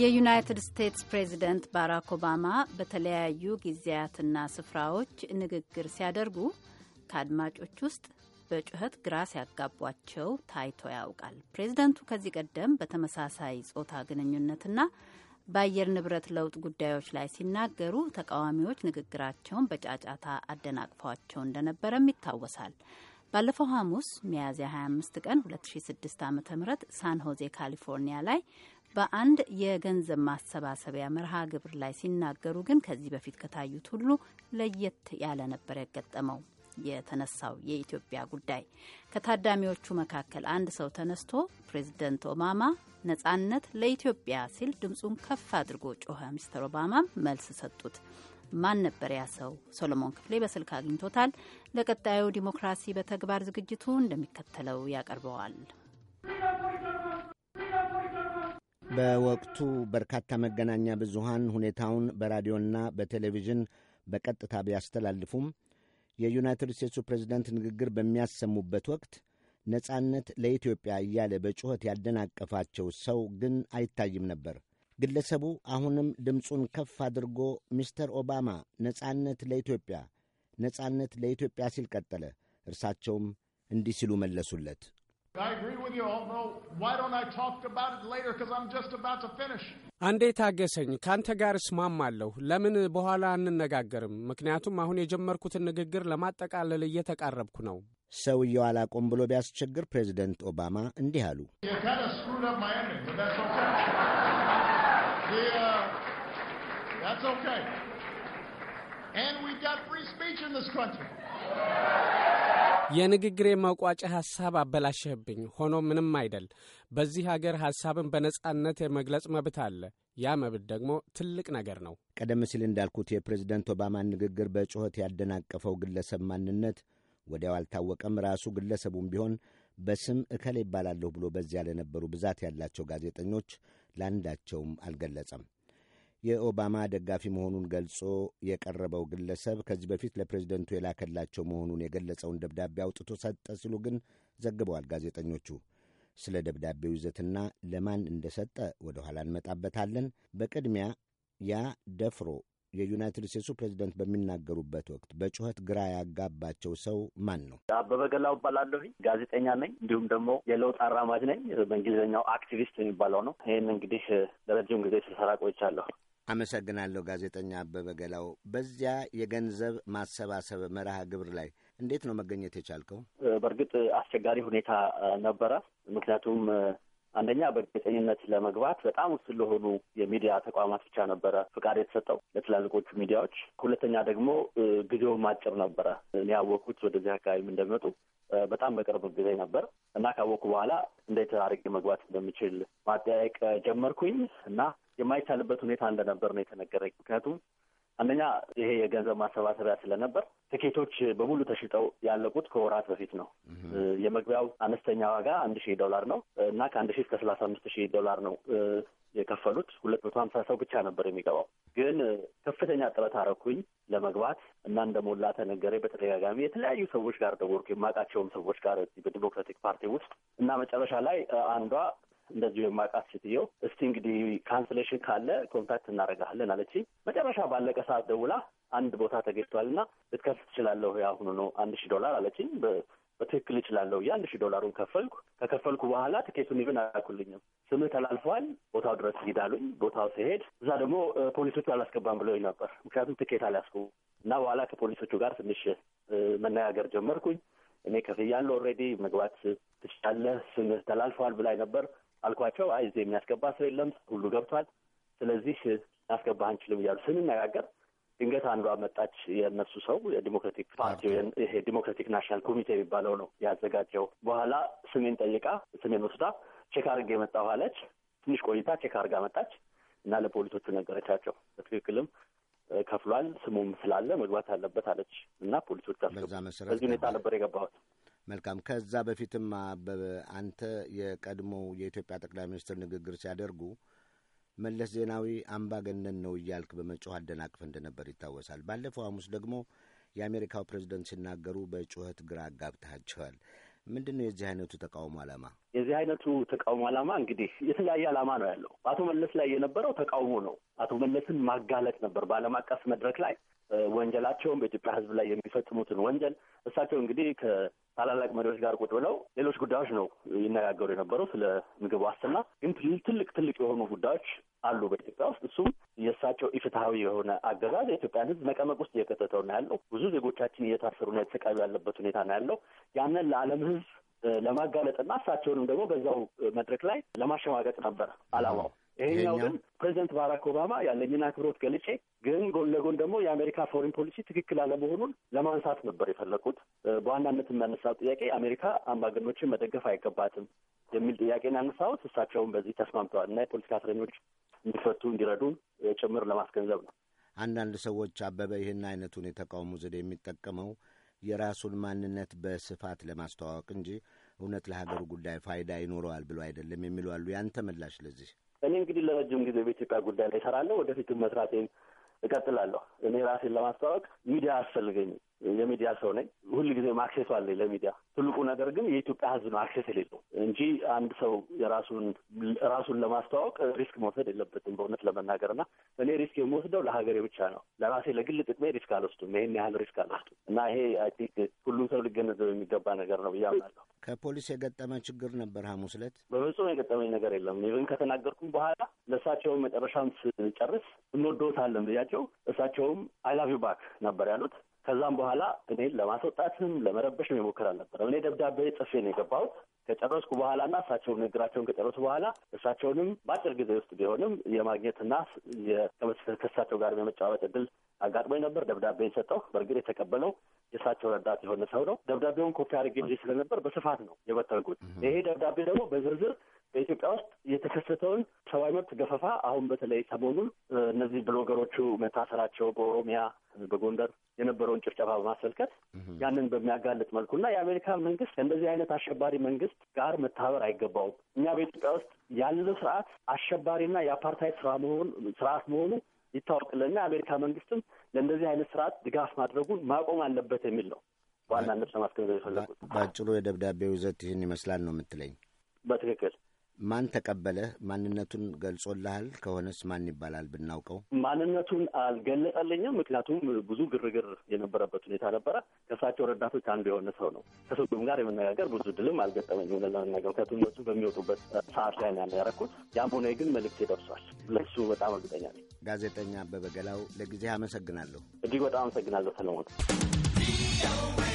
የዩናይትድ ስቴትስ ፕሬዚደንት ባራክ ኦባማ በተለያዩ ጊዜያትና ስፍራዎች ንግግር ሲያደርጉ ከአድማጮች ውስጥ በጩኸት ግራ ሲያጋቧቸው ታይቶ ያውቃል። ፕሬዚደንቱ ከዚህ ቀደም በተመሳሳይ ጾታ ግንኙነትና በአየር ንብረት ለውጥ ጉዳዮች ላይ ሲናገሩ ተቃዋሚዎች ንግግራቸውን በጫጫታ አደናቅፏቸው እንደነበረም ይታወሳል። ባለፈው ሐሙስ ሚያዝያ 25 ቀን 2006 ዓ ም ሳን ሆዜ ካሊፎርኒያ ላይ በአንድ የገንዘብ ማሰባሰቢያ መርሃ ግብር ላይ ሲናገሩ ግን ከዚህ በፊት ከታዩት ሁሉ ለየት ያለ ነበር ያጋጠመው የተነሳው የኢትዮጵያ ጉዳይ። ከታዳሚዎቹ መካከል አንድ ሰው ተነስቶ ፕሬዚደንት ኦባማ ነጻነት ለኢትዮጵያ ሲል ድምፁን ከፍ አድርጎ ጮኸ። ሚስተር ኦባማም መልስ ሰጡት። ማን ነበር ያ ሰው? ሶሎሞን ክፍሌ በስልክ አግኝቶታል። ለቀጣዩ ዲሞክራሲ በተግባር ዝግጅቱ እንደሚከተለው ያቀርበዋል። በወቅቱ በርካታ መገናኛ ብዙሃን ሁኔታውን በራዲዮና በቴሌቪዥን በቀጥታ ቢያስተላልፉም የዩናይትድ ስቴትሱ ፕሬዝደንት ንግግር በሚያሰሙበት ወቅት ነጻነት ለኢትዮጵያ እያለ በጩኸት ያደናቀፋቸው ሰው ግን አይታይም ነበር። ግለሰቡ አሁንም ድምፁን ከፍ አድርጎ ሚስተር ኦባማ ነጻነት ለኢትዮጵያ ነጻነት ለኢትዮጵያ ሲል ቀጠለ። እርሳቸውም እንዲህ ሲሉ መለሱለት። አንዴ ታገሰኝ፣ ከአንተ ጋር እስማማለሁ። ለምን በኋላ አንነጋገርም? ምክንያቱም አሁን የጀመርኩትን ንግግር ለማጠቃለል እየተቃረብኩ ነው። ሰውየው አላቆም ብሎ ቢያስቸግር ፕሬዚደንት ኦባማ እንዲህ አሉ። The, uh, that's okay. And we've got free speech in this country. የንግግሬ መቋጫ ሀሳብ አበላሸህብኝ። ሆኖ ምንም አይደል። በዚህ ሀገር ሀሳብን በነጻነት የመግለጽ መብት አለ። ያ መብት ደግሞ ትልቅ ነገር ነው። ቀደም ሲል እንዳልኩት የፕሬዝደንት ኦባማን ንግግር በጩኸት ያደናቀፈው ግለሰብ ማንነት ወዲያው አልታወቀም። ራሱ ግለሰቡም ቢሆን በስም እከሌ ይባላለሁ ብሎ በዚያ ለነበሩ ብዛት ያላቸው ጋዜጠኞች ለአንዳቸውም አልገለጸም። የኦባማ ደጋፊ መሆኑን ገልጾ የቀረበው ግለሰብ ከዚህ በፊት ለፕሬዝደንቱ የላከላቸው መሆኑን የገለጸውን ደብዳቤ አውጥቶ ሰጠ ሲሉ ግን ዘግበዋል ጋዜጠኞቹ። ስለ ደብዳቤው ይዘትና ለማን እንደሰጠ ወደ ኋላ እንመጣበታለን። በቅድሚያ ያ ደፍሮ የዩናይትድ ስቴትሱ ፕሬዚደንት በሚናገሩበት ወቅት በጩኸት ግራ ያጋባቸው ሰው ማን ነው? አበበ ገላው እባላለሁ። ጋዜጠኛ ነኝ። እንዲሁም ደግሞ የለውጥ አራማጅ ነኝ። በእንግሊዝኛው አክቲቪስት የሚባለው ነው። ይህን እንግዲህ ለረጅም ጊዜ ስሰራ ቆይቻለሁ። አመሰግናለሁ ጋዜጠኛ አበበ ገላው። በዚያ የገንዘብ ማሰባሰብ መርሃ ግብር ላይ እንዴት ነው መገኘት የቻልከው? በእርግጥ አስቸጋሪ ሁኔታ ነበረ። ምክንያቱም አንደኛ በእርግጠኝነት ለመግባት በጣም ውስን ለሆኑ የሚዲያ ተቋማት ብቻ ነበረ ፍቃድ የተሰጠው ለትላልቆቹ ሚዲያዎች። ሁለተኛ ደግሞ ጊዜውም አጭር ነበረ። ያወቅኩት ወደዚህ አካባቢም እንደሚመጡ በጣም በቅርብ ጊዜ ነበር እና ካወቅኩ በኋላ እንዴት አድርጌ መግባት እንደምችል ማጠያየቅ ጀመርኩኝ እና የማይቻልበት ሁኔታ እንደነበር ነው የተነገረኝ። ምክንያቱም አንደኛ ይሄ የገንዘብ ማሰባሰቢያ ስለነበር ትኬቶች በሙሉ ተሽጠው ያለቁት ከወራት በፊት ነው። የመግቢያው አነስተኛ ዋጋ አንድ ሺህ ዶላር ነው እና ከአንድ ሺህ እስከ ሰላሳ አምስት ሺህ ዶላር ነው የከፈሉት። ሁለት መቶ ሀምሳ ሰው ብቻ ነበር የሚገባው። ግን ከፍተኛ ጥረት አረኩኝ ለመግባት እና እንደሞላ ተነገረ። በተደጋጋሚ የተለያዩ ሰዎች ጋር ደወልኩ፣ የማውቃቸውም ሰዎች ጋር በዲሞክራቲክ ፓርቲ ውስጥ እና መጨረሻ ላይ አንዷ እንደዚሁ የማውቃት ሴትየው እስቲ እንግዲህ ካንስሌሽን ካለ ኮንታክት እናደርግሃለን አለች። መጨረሻ ባለቀ ሰዓት ደውላ አንድ ቦታ ተገኝቷል እና ልትከፍል ትችላለሁ ያሁኑ ነው አንድ ሺህ ዶላር አለችኝ። በትክክል እችላለሁ ብዬ አንድ ሺህ ዶላሩን ከፈልኩ። ከከፈልኩ በኋላ ትኬቱን ይብን አላኩልኝም። ስምህ ተላልፏል፣ ቦታው ድረስ ሂዳሉኝ። ቦታው ሲሄድ እዛ ደግሞ ፖሊሶቹ አላስገባም ብለውኝ ነበር፣ ምክንያቱም ትኬት አልያዝኩም እና በኋላ ከፖሊሶቹ ጋር ትንሽ መነጋገር ጀመርኩኝ። እኔ ከፍያለሁ ኦልሬዲ መግባት ትችላለህ፣ ስምህ ተላልፏል ብላኝ ነበር አልኳቸው። አይ እዚህ የሚያስገባ ሰው የለም፣ ሁሉ ገብቷል። ስለዚህ እናስገባህ አንችልም እያሉ ስንነጋገር ድንገት አንዷ መጣች። የእነሱ ሰው የዲሞክራቲክ ፓርቲ ይሄ ዲሞክራቲክ ናሽናል ኮሚቴ የሚባለው ነው ያዘጋጀው። በኋላ ስሜን ጠይቃ ስሜን ወስዳ ቼክ አድርጌ የመጣሁ አለች። ትንሽ ቆይታ ቼክ አድርጋ መጣች እና ለፖሊሶቹ ነገረቻቸው። በትክክልም ከፍሏል፣ ስሙም ስላለ መግባት አለበት አለች እና ፖሊሶቹ አስገቡ። በዚህ ሁኔታ ነበር የገባሁት። መልካም። ከዛ በፊትም አበበ አንተ የቀድሞው የኢትዮጵያ ጠቅላይ ሚኒስትር ንግግር ሲያደርጉ መለስ ዜናዊ አምባገነን ነው እያልክ በመጮህ አደናቅፍ እንደነበር ይታወሳል። ባለፈው ሐሙስ ደግሞ የአሜሪካው ፕሬዚደንት ሲናገሩ በጩኸት ግራ አጋብተሃቸዋል። ምንድን ነው የዚህ አይነቱ ተቃውሞ አላማ? የዚህ አይነቱ ተቃውሞ ዓላማ እንግዲህ የተለያየ ዓላማ ነው ያለው። በአቶ መለስ ላይ የነበረው ተቃውሞ ነው። አቶ መለስን ማጋለጥ ነበር። በዓለም አቀፍ መድረክ ላይ ወንጀላቸውን በኢትዮጵያ ሕዝብ ላይ የሚፈጽሙትን ወንጀል እሳቸው እንግዲህ ከታላላቅ መሪዎች ጋር ቁጭ ብለው ሌሎች ጉዳዮች ነው ይነጋገሩ የነበረው ስለ ምግብ ዋስትና። ግን ትልቅ ትልቅ የሆኑ ጉዳዮች አሉ በኢትዮጵያ ውስጥ። እሱም የእሳቸው ኢፍትሐዊ የሆነ አገዛዝ የኢትዮጵያን ሕዝብ መቀመቅ ውስጥ እየከተተው ነው ያለው። ብዙ ዜጎቻችን ነው፣ የተሰቃዩ ያለበት ሁኔታ ነው ያለው። ያንን ለዓለም ሕዝብ ለማጋለጥና እሳቸውንም ደግሞ በዛው መድረክ ላይ ለማሸማቀቅ ነበር አላማው። ይሄኛው ግን ፕሬዚደንት ባራክ ኦባማ ያለኝን አክብሮት ገልጬ ግን ጎን ለጎን ደግሞ የአሜሪካ ፎሪን ፖሊሲ ትክክል አለመሆኑን ለማንሳት ነበር የፈለኩት። በዋናነት የሚያነሳው ጥያቄ አሜሪካ አምባገኖችን መደገፍ አይገባትም የሚል ጥያቄን ያነሳሁት እሳቸውም በዚህ ተስማምተዋል እና የፖለቲካ እስረኞች እንዲፈቱ እንዲረዱ ጭምር ለማስገንዘብ ነው። አንዳንድ ሰዎች አበበ ይህን አይነቱን የተቃውሞ ዘዴ የሚጠቀመው የራሱን ማንነት በስፋት ለማስተዋወቅ እንጂ እውነት ለሀገሩ ጉዳይ ፋይዳ ይኖረዋል ብሎ አይደለም የሚሉ አሉ። ያንተ ምላሽ ለዚህ? እኔ እንግዲህ ለረጅም ጊዜ በኢትዮጵያ ጉዳይ ላይ እሰራለሁ። ወደፊትም መስራቴን እቀጥላለሁ። እኔ ራሴን ለማስተዋወቅ ሚዲያ አስፈልገኝም። የሚዲያ ሰው ነኝ። ሁል ጊዜ አክሴሱ አለኝ ለሚዲያ። ትልቁ ነገር ግን የኢትዮጵያ ሕዝብ ነው አክሴስ የሌለው እንጂ አንድ ሰው የራሱን ራሱን ለማስተዋወቅ ሪስክ መውሰድ የለበትም። በእውነት ለመናገር እና እኔ ሪስክ የምወስደው ለሀገሬ ብቻ ነው። ለራሴ ለግል ጥቅሜ ሪስክ አልወስዱም። ይህን ያህል ሪስክ አልወስዱም እና ይሄ አይ ቲንክ ሁሉም ሰው ሊገነዘብ የሚገባ ነገር ነው ብዬ አምናለሁ። ከፖሊስ የገጠመ ችግር ነበር ሐሙስ ዕለት? በፍጹም የገጠመኝ ነገር የለም። ኢቭን ከተናገርኩም በኋላ ለእሳቸውም መጨረሻም ስጨርስ እንወደውታለን ብያቸው እሳቸውም አይላቪ ባክ ነበር ያሉት። ከዛም በኋላ እኔን ለማስወጣትም ለመረበሽም የሞከር አልነበረም። እኔ ደብዳቤ ጽፌ ነው የገባሁት። ከጨረስኩ በኋላ እና እሳቸውን ንግግራቸውን ከጨረሱ በኋላ እሳቸውንም በአጭር ጊዜ ውስጥ ቢሆንም የማግኘትና ከእሳቸው ጋር የመጨባበጥ እድል አጋጥሞኝ ነበር። ደብዳቤን ሰጠው። በእርግጥ የተቀበለው የእሳቸው ረዳት የሆነ ሰው ነው። ደብዳቤውን ኮፒ አድርጌ ስለነበር በስፋት ነው የበተንኩት። ይሄ ደብዳቤ ደግሞ በዝርዝር በኢትዮጵያ ውስጥ የተከሰተውን ሰብአዊ መብት ገፈፋ አሁን በተለይ ሰሞኑን እነዚህ ብሎገሮቹ መታሰራቸው በኦሮሚያ በጎንደር የነበረውን ጭፍጨፋ በማስመልከት ያንን በሚያጋልጥ መልኩና የአሜሪካ መንግስት ከእንደዚህ አይነት አሸባሪ መንግስት ጋር መተባበር አይገባውም። እኛ በኢትዮጵያ ውስጥ ያለው ስርዓት አሸባሪና የአፓርታይድ ስራ መሆኑ ስርዓት መሆኑ ይታወቅልና የአሜሪካ መንግስትም ለእንደዚህ አይነት ስርዓት ድጋፍ ማድረጉን ማቆም አለበት የሚል ነው በዋናነት ለማስገንዘብ የፈለጉት። በአጭሩ የደብዳቤው ይዘት ይህን ይመስላል ነው የምትለኝ? በትክክል ማን ተቀበለህ? ማንነቱን ገልጾልሃል? ከሆነስ ማን ይባላል ብናውቀው? ማንነቱን አልገለጠልኝም። ምክንያቱም ብዙ ግርግር የነበረበት ሁኔታ ነበረ። ከእሳቸው ረዳቶች አንዱ የሆነ ሰው ነው። ከሰውም ጋር የመነጋገር ብዙ ድልም አልገጠመኝ። ሆነ ለመነገር ምክንያቱም እነሱ በሚወጡበት ሰዓት ላይ ያለ ያረኩት። ያም ሆነ ግን መልእክት ደርሷል ለሱ በጣም እርግጠኛ ነኝ። ጋዜጠኛ አበበ ገላው ለጊዜ አመሰግናለሁ። እጅግ በጣም አመሰግናለሁ ሰለሞን።